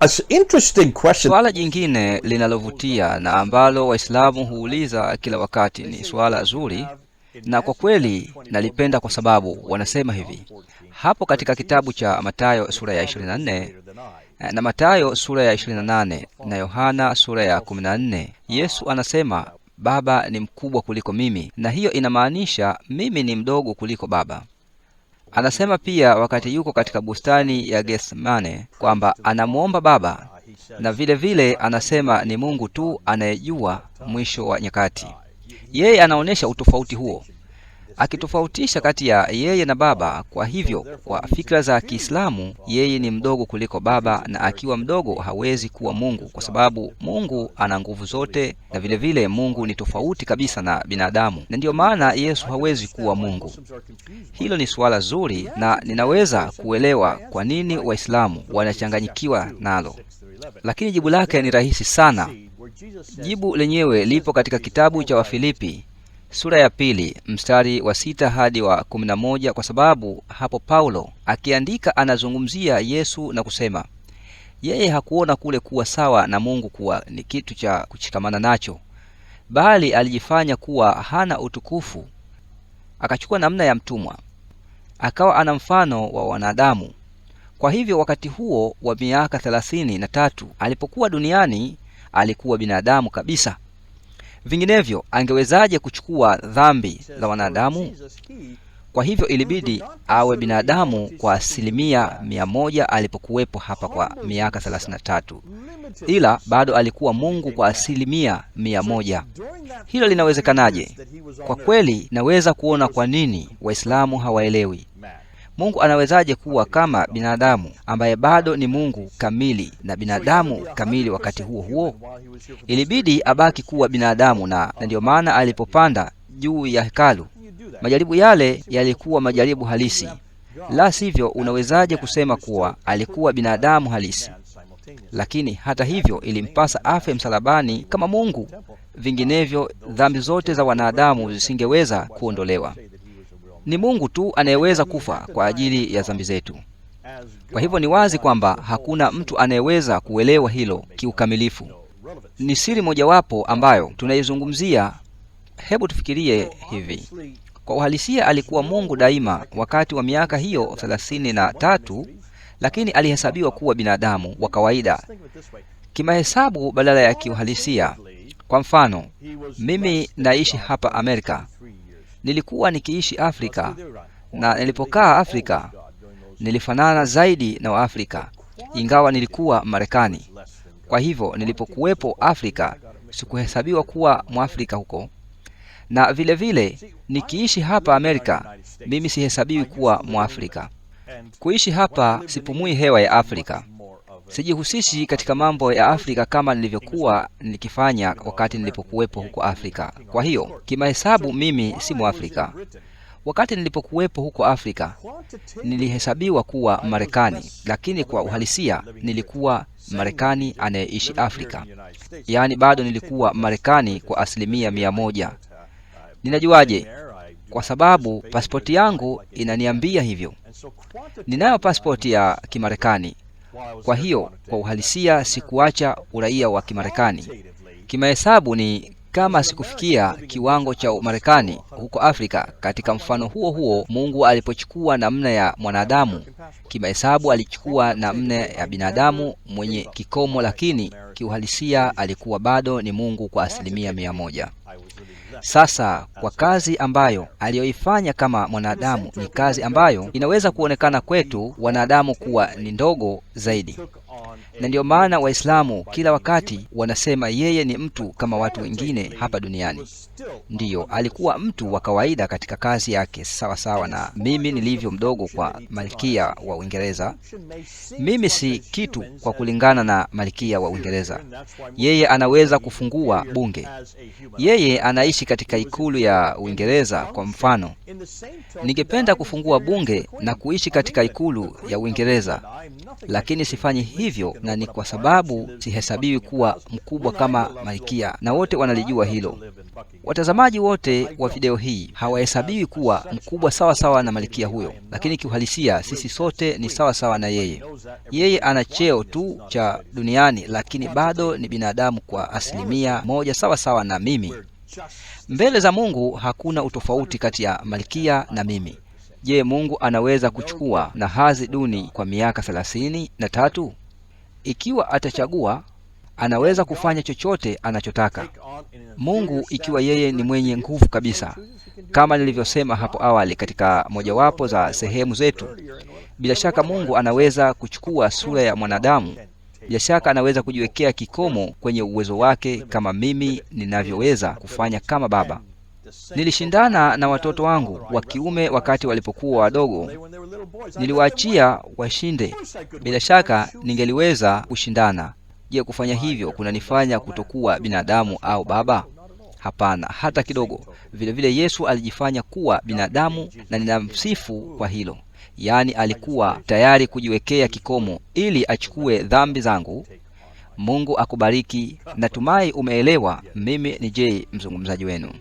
That's interesting question. Swala jingine linalovutia na ambalo Waislamu huuliza kila wakati ni swala zuri na kwa kweli nalipenda kwa sababu wanasema hivi hapo katika kitabu cha Mathayo sura ya 24 eh, na Mathayo sura ya 28 na Yohana sura ya 14, Yesu anasema Baba ni mkubwa kuliko mimi, na hiyo inamaanisha mimi ni mdogo kuliko Baba. Anasema pia wakati yuko katika bustani ya Gethsemane kwamba anamwomba Baba, na vile vile anasema ni Mungu tu anayejua mwisho wa nyakati. Yeye anaonyesha utofauti huo akitofautisha kati ya yeye na baba. Kwa hivyo, kwa fikra za Kiislamu, yeye ni mdogo kuliko baba, na akiwa mdogo hawezi kuwa Mungu, kwa sababu Mungu ana nguvu zote, na vile vile Mungu ni tofauti kabisa na binadamu, na ndiyo maana Yesu hawezi kuwa Mungu. Hilo ni suala zuri, na ninaweza kuelewa kwa nini Waislamu wanachanganyikiwa nalo, lakini jibu lake ni rahisi sana. Jibu lenyewe lipo katika kitabu cha Wafilipi sura ya pili mstari wa sita hadi wa kumi na moja kwa sababu hapo Paulo akiandika anazungumzia Yesu na kusema yeye hakuona kule kuwa sawa na Mungu kuwa ni kitu cha kushikamana nacho, bali alijifanya kuwa hana utukufu, akachukua namna ya mtumwa, akawa ana mfano wa wanadamu. Kwa hivyo wakati huo wa miaka thelathini na tatu alipokuwa duniani alikuwa binadamu kabisa. Vinginevyo angewezaje kuchukua dhambi za wanadamu? Kwa hivyo ilibidi awe binadamu kwa asilimia mia moja alipokuwepo hapa kwa miaka 33, ila bado alikuwa Mungu kwa asilimia mia moja. Hilo linawezekanaje? Kwa kweli, naweza kuona kwa nini Waislamu hawaelewi Mungu anawezaje kuwa kama binadamu ambaye bado ni Mungu kamili na binadamu kamili wakati huo huo? Ilibidi abaki kuwa binadamu, na na ndiyo maana alipopanda juu ya hekalu, majaribu yale yalikuwa majaribu halisi. La sivyo, unawezaje kusema kuwa alikuwa binadamu halisi? Lakini hata hivyo, ilimpasa afe msalabani kama Mungu, vinginevyo dhambi zote za wanadamu zisingeweza kuondolewa. Ni Mungu tu anayeweza kufa kwa ajili ya dhambi zetu. Kwa hivyo ni wazi kwamba hakuna mtu anayeweza kuelewa hilo kiukamilifu. Ni siri mojawapo ambayo tunaizungumzia. Hebu tufikirie hivi. Kwa uhalisia alikuwa Mungu daima wakati wa miaka hiyo thelathini na tatu, lakini alihesabiwa kuwa binadamu wa kawaida kimahesabu badala ya kiuhalisia. Kwa mfano, mimi naishi hapa Amerika nilikuwa nikiishi Afrika na nilipokaa Afrika nilifanana zaidi na Waafrika, ingawa nilikuwa Marekani. Kwa hivyo nilipokuwepo Afrika sikuhesabiwa kuwa Mwafrika huko, na vile vile nikiishi hapa Amerika mimi sihesabiwi kuwa Mwafrika. Kuishi hapa sipumui hewa ya Afrika. Sijihusishi katika mambo ya Afrika kama nilivyokuwa nikifanya wakati nilipokuwepo huko Afrika. Kwa hiyo kimahesabu, mimi si Mwafrika. Wakati nilipokuwepo huko Afrika nilihesabiwa kuwa Marekani, lakini kwa uhalisia nilikuwa Marekani anayeishi Afrika, yaani bado nilikuwa Marekani kwa asilimia mia moja. Ninajuaje? Kwa sababu pasipoti yangu inaniambia hivyo. Ninayo pasipoti ya Kimarekani kwa hiyo kwa uhalisia sikuacha uraia wa Kimarekani. Kimahesabu ni kama sikufikia kiwango cha Umarekani huko Afrika. Katika mfano huo huo, Mungu alipochukua namna ya mwanadamu, kimahesabu alichukua namna ya binadamu mwenye kikomo, lakini kiuhalisia alikuwa bado ni Mungu kwa asilimia mia moja. Sasa kwa kazi ambayo aliyoifanya kama mwanadamu, ni kazi ambayo inaweza kuonekana kwetu wanadamu kuwa ni ndogo zaidi na ndiyo maana Waislamu kila wakati wanasema yeye ni mtu kama watu wengine hapa duniani. Ndiyo, alikuwa mtu wa kawaida katika kazi yake, sawa sawa na mimi nilivyo mdogo kwa malkia wa Uingereza. Mimi si kitu kwa kulingana na malkia wa Uingereza. Yeye anaweza kufungua bunge, yeye anaishi katika ikulu ya Uingereza kwa mfano Ningependa kufungua bunge na kuishi katika ikulu ya Uingereza, lakini sifanyi hivyo, na ni kwa sababu sihesabiwi kuwa mkubwa kama malkia, na wote wanalijua hilo. Watazamaji wote wa video hii hawahesabiwi kuwa mkubwa sawa sawa na malkia huyo, lakini kiuhalisia sisi sote ni sawa sawa na yeye. Yeye ana cheo tu cha duniani, lakini bado ni binadamu kwa asilimia moja, sawa sawa na mimi. Mbele za Mungu hakuna utofauti kati ya Malkia na mimi. Je, Mungu anaweza kuchukua na hazi duni kwa miaka thelathini na tatu? Ikiwa atachagua, anaweza kufanya chochote anachotaka. Mungu, ikiwa yeye ni mwenye nguvu kabisa, kama nilivyosema hapo awali katika mojawapo za sehemu zetu, bila shaka Mungu anaweza kuchukua sura ya mwanadamu bila shaka anaweza kujiwekea kikomo kwenye uwezo wake, kama mimi ninavyoweza kufanya kama baba. Nilishindana na watoto wangu wa kiume wakati walipokuwa wadogo, niliwaachia washinde. Bila shaka ningeliweza kushindana. Je, kufanya hivyo kunanifanya kutokuwa binadamu au baba? Hapana, hata kidogo. Vilevile vile Yesu alijifanya kuwa binadamu na ninamsifu kwa hilo. Yaani alikuwa tayari kujiwekea kikomo ili achukue dhambi zangu. Mungu akubariki. Natumai umeelewa. Mimi ni Jay, mzungumzaji wenu.